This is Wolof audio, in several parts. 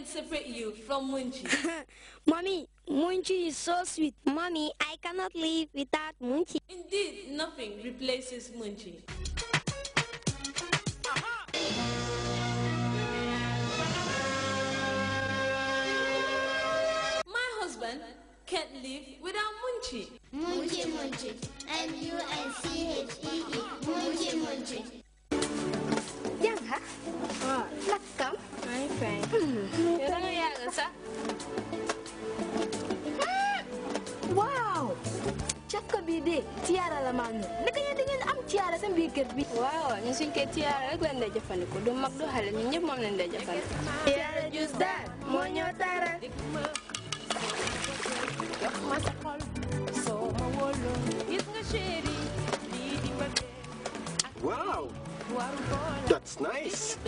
can separate you from Munchie? Mommy, Munchie is so sweet. Mommy, I cannot live without Munchie. Indeed, nothing replaces Munchie. Uh-huh. My husband can't live without Munchie. Munchie, Munchie. M U N C H E E. Munchie, Munchie. Yang ha? Uh, Lakam? my friend. 여러분 야, 그래서 Wow! Cakap bide, tiara la manu. dengan am tiara sam bigger bi. Wow, nyusun ke tiara glan da jafan ko. Do mak do halan ni nyep mom nan da jafan. Tiara jus da, mo nyotara. Yok kol, so ma wolo. Is nga sheri, lidi Wow! That's nice.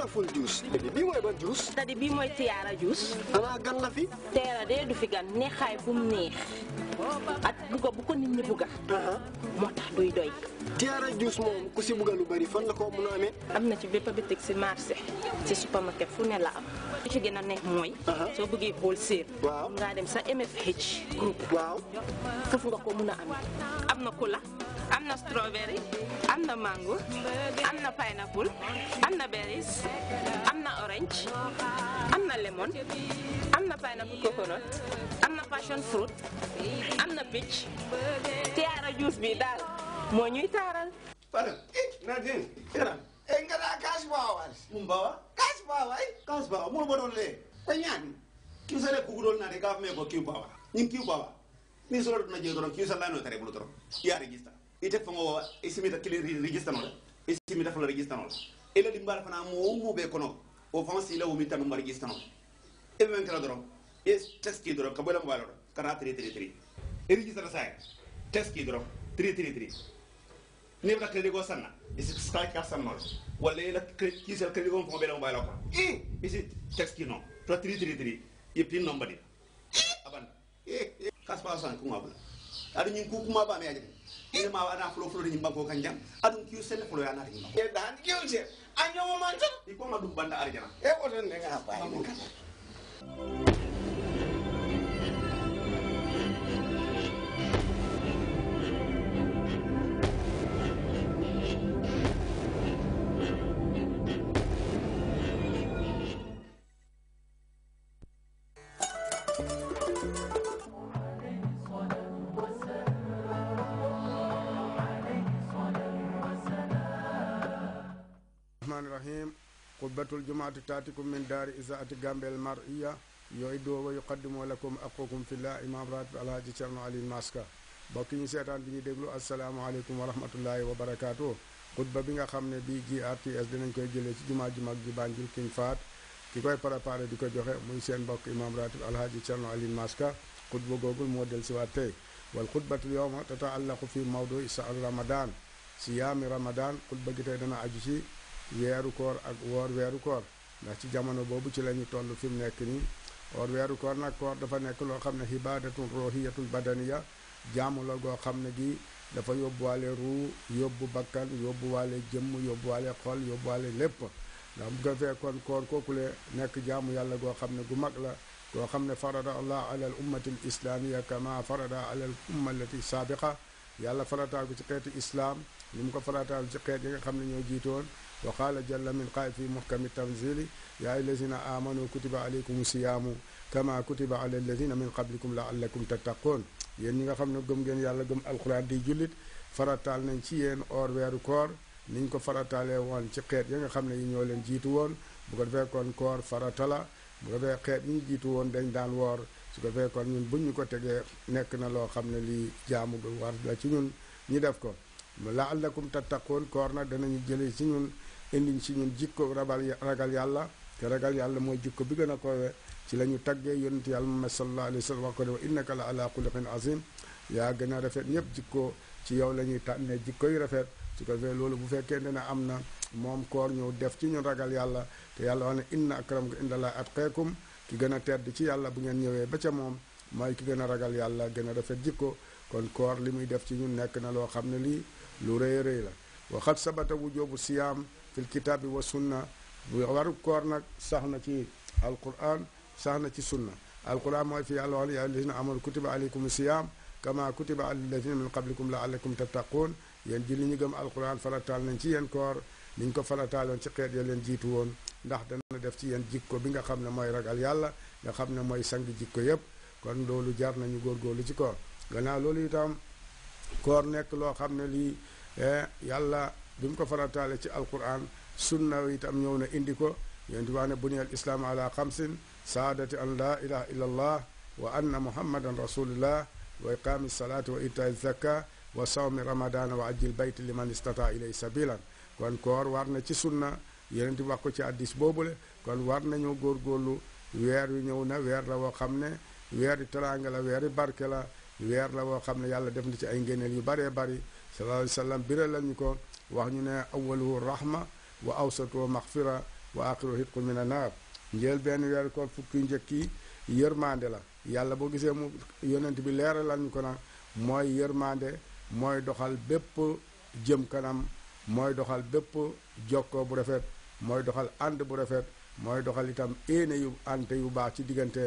wonderful juice bii mooy ban juice cest bii mooy tiyaara juice xanaa gan la fi teera dee du fi gan neexaay bu mu neex ak bugga bu ko nit ñi bugga moo tax duy doy tiyaara juice moom ku si bugga lu bari am na ci bépp bitig si marché si supermarket fu ne la am lu ci gën a neex mooy soo bëggee xool séer waaw ngaa dem sa MFH foofu nga ko mun a amee am na ku la amna strawberry amna mango amna pineapple amna berries amna orange amna lemon amna pineapple coconut amna passion fruit amna peach tiara juice bi dal mo ñuy taral pare nadine era e eh, cash bawa mum bawa cash bawa cash bawa mo mo don le ko ñaan ki le ku gudol na de gaf me ko ki bawa ñing ki bawa ni solo na je do ki sa no tare bulu doron ya register ite isimi ta kile register nola isimi ta simita register nola ele limbara fana mo mo be kono o fan sila o mita mo registanole e be men kala doro is test ki doro kabola mo doro kana tri tri tri e register sa test ki doro tri tri tri ne ba kele go sanna is sky ska ka sanna wala ila ki sel kele go mo be mo doro e e si test ki no to tri tri tri e pin number di abanda e kaspa san ku ngabla adu nyin ku kuma ba me ajani ilma ana fulo flu ni mbago kanjam adun kiu sel fulo yana ni mbago e dan kiu je anyo mo manja i ko ngadu banda arjana ya, e ko ne nga pa ni thank you قبه الجمعه تاتيكم من دار ازاءه جنب المرئيه يعدوا ويقدموا لكم اخوكم في الله امام راتب الحاج شرنو علي الماسكا بكي سيتان بي ديغلو السلام عليكم ورحمه الله وبركاته خطبه بيغا خامني بي جي ار تي اس دينا نكاي جيلي سي جمعه جمعه جي بانجيل كين فات كي كاي بريباري ديكو جوخي موي سين بوك امام راتب الحاج شرنو علي الماسكا خطبه غوغل مو سي وات تي والخطبه اليوم تتعلق في موضوع سعر رمضان صيام رمضان خطبه جي اجي سي weeru koor ak woor weeru koor ndax ci jamono boobu ci la ñu toll fi mu nekk nii woor weeru koor nag koor dafa nekk loo xam ne ibadatun ruhiyatul badaniya jaamu la goo xam ne gi dafa yóbbuwaale ruu yóbbu bakkan yóbbuwaale jëmm yóbbuwaale xol yóbbuwaale lépp ndax bu ko fee kon koor nekk jaamu yàlla goo xam ne gu mag la goo xam ne farada allah ala al ummati al islaamia kama farada ala al umma allati yàlla farataal ko ci xeeti islaam ni mu ko farataal ci xeet yi nga xam ne ñoo jiitoon وقال جل من قائل في محكم التنزيل يا أيها الذين آمنوا كتب عليكم الصيام كما كتب على الذين من قبلكم لعلكم تتقون يعني خمنا قم جن يلا قم القرآن دي جلد فرطال ننشيين أور وير كور نينكو فرطال وان شقير يعني خمنا ينولن جيتوون بغد فيكون كور فرطالا بغد فيكون ني جيتوون دين دان وار su ko fekkoon ñun buñ ñu ko tege nekk na loo xam ne li jaamu bi war la ci indi ci ñun jikko rabal ragal yàlla te ragal yàlla mooy jikko bi gën a koowee ci la ñu taggee yonent yàlla Muhammad sallallahu alayhi wa sallam wax ko ne wa innaka la ala xuluqin azim yaa gën a rafet ñëpp jikko ci yow la ñuy tànnee jikko yu rafet su ko defee loolu bu fekkee dina am na moom koor ñëw def ci ñun ragal yàlla te yàlla wax ne inna akramakum indallaahi atqaakum ki gën a tedd ci yàlla bu ngeen ñëwee ba ca moom mooy ki gën a ragal yàlla gën a rafet jikko kon koor li muy def ci ñun nekk na loo xam ne lii lu rëy rëy la fil kitaabi wa sunna waru koor nag sax na ci alquran sax na ci sunna alquran mooy fi yàlla wax ya alladina amanu kutiba aleykum siyaam kama kutiba alladina min qablikum laallakum tattaquun yéen ji li ñu gëm alquran farataal nañ ci yéen koor ni ñu ko farataaloon ci xeet ya leen jiitu woon ndax dana def ci yéen jikko bi nga xam ne mooy ragal yàlla nga xam ne mooy sang jikko yépp kon loolu jaar nañu góorgóorlu ci koor gannaaw loolu itam koor nekk loo xam ne lii eh, yàlla bi mu ko farataale ci alquran sunna itam ñëw na indi ko yéen di wax ne buniyal islaam ala xamsin saadati an laa ilaha illa allah wa anna muhammadan rasulullah wa iqaami salaati wa itaai zakka wa sawmi ramadana wa ajjil bayt liman istata ilay sabilan kon koor war na ci sunna yeneen di wax ko ci addis boobu boobule kon war nañoo góorgóorlu weer yu ñëw na weer la woo xam ne weeri teraanga la weeri barke la weer la woo xam ne yàlla def na ci ay ngéneel yu baree bari sallallahu sallam biral lañu ko wax ñu ne awaluhu rahma wa awsatuhu maxfira wa axiruhu hitqun min annaar njël benn weeru koor fukki njëkk yi yërmande la yàlla boo gisee mu yonent bi leeralal ñu ko nag mooy yërmande mooy doxal bépp jëm kanam mooy doxal bépp jokkoo bu rafet mooy doxal ànd bu rafet mooy doxal itam éene yu ante yu baax ci diggante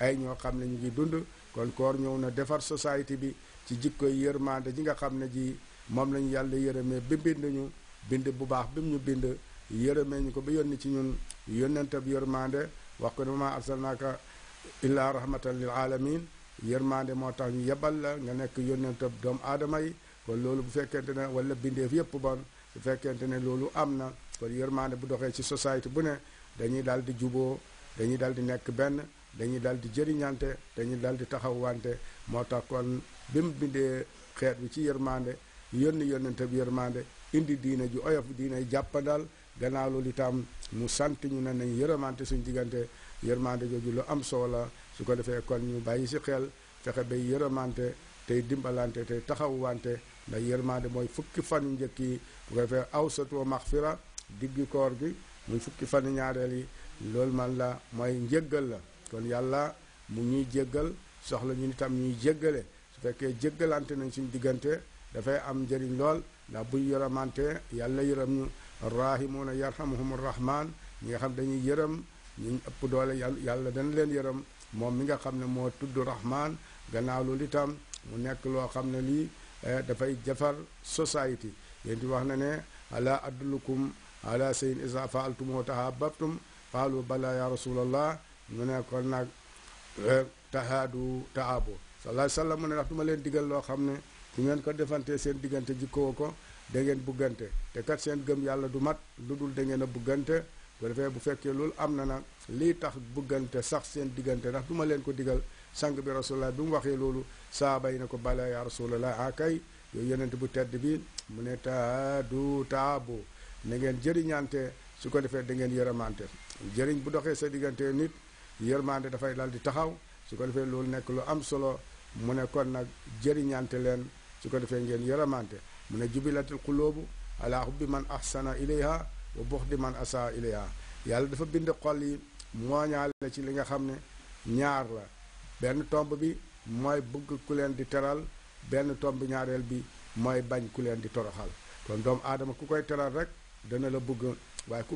ay ñoo xam ne ñu ngi dund kon koor ñëw na defar société bi ci jikkoy yërmande ji nga xam ne ji moom lañu yàlla yërëmee bi mbind ñu bind bu baax bi mu ñu bind yërëmee ñu ko ba yónni ci ñun yónnentab yërmande wax ko ne ma arsalnaaka illaa rahmatan lil alamin yërmande moo tax ñu yebal la nga nekk yónnentab doomu aadama yi kon loolu bu fekkente ne wala bindee yépp bon bu fekkente ne loolu am na kon yërmande bu doxee ci société bu ne dañuy daal di juboo dañuy daal di nekk benn dañuy daal di jëriñante dañuy daal di taxawwante moo tax kon bi mu bindee xeet bi ci yërmande yónni yónnante bi yërmande indi diine ju oyof diine jàppandal gannaaw loolu itam mu sant ñu ne nañ yërëmante suñ diggante yërmande jooju lu am solo la su ko defee kon ñu bàyyi si xel fexe bay yërëmante tey dimbalante tey taxawwante ndax yërmande mooy fukki fan yu njëkk yi bu ko defee awsatu maxfira diggi koor gi muy fukki fan ñaareel yi loolu man la mooy njéggal la kon yàlla mu ñuy jéggal soxla ñu itam ñuy jéggale su fekkee jéggalante nañ suñu diggante dafay am njëriñ lool ndax buñ yërëmante yàlla yërëm ñu rahimuuna yarhamuhum rahman ñi nga xam dañuy yërëm ñu ëpp doole yàlla yàlla dana leen yërëm moom mi nga xam ne moo tudd rahman gannaaw lu itam mu nekk loo xam ne lii eh, dafay jafar society yéen ti wax na ne ala adlukum ala sayin isa faaltumoo tahaababtum qaalu bala ya rasulallah mu ne nag eh, tahaadu tahaabo sallallahu alayhi wa sallam mu ne ndax du leen digal loo xam ne ci ngeen ko defante seen diggante jikkoo ko da ngeen buggante te kat seen gëm yàlla du mat lu dul da ngeen a buggante bu defee bu fekkee loolu am na nag lii tax buggante sax seen diggante ndax du ma leen ko digal sang bi rasulullah bi mu waxee loolu saaba yi ko bala ya rasulullah akay yooyu yonent bu tedd bi mu ne du taabu na ngeen jëriñante su ko defee da ngeen yërëmante jëriñ bu doxee sa diggante nit dafay di taxaw su ko defee loolu nekk lu am solo mu ne kon nag jëriñante leen su ko defee ngeen yaramante mu ne jubilatil xuloobu ala hubbi man ahsana ilayha wa di man asa ilayha yàlla dafa bind xol yi mooñaale ci li nga xam ne ñaar la benn tomb bi mooy bëgg ku leen di teral benn tomb ñaareel bi mooy bañ ku leen di toroxal kon doomu aadama ku koy teral rek dana la bëgg waaye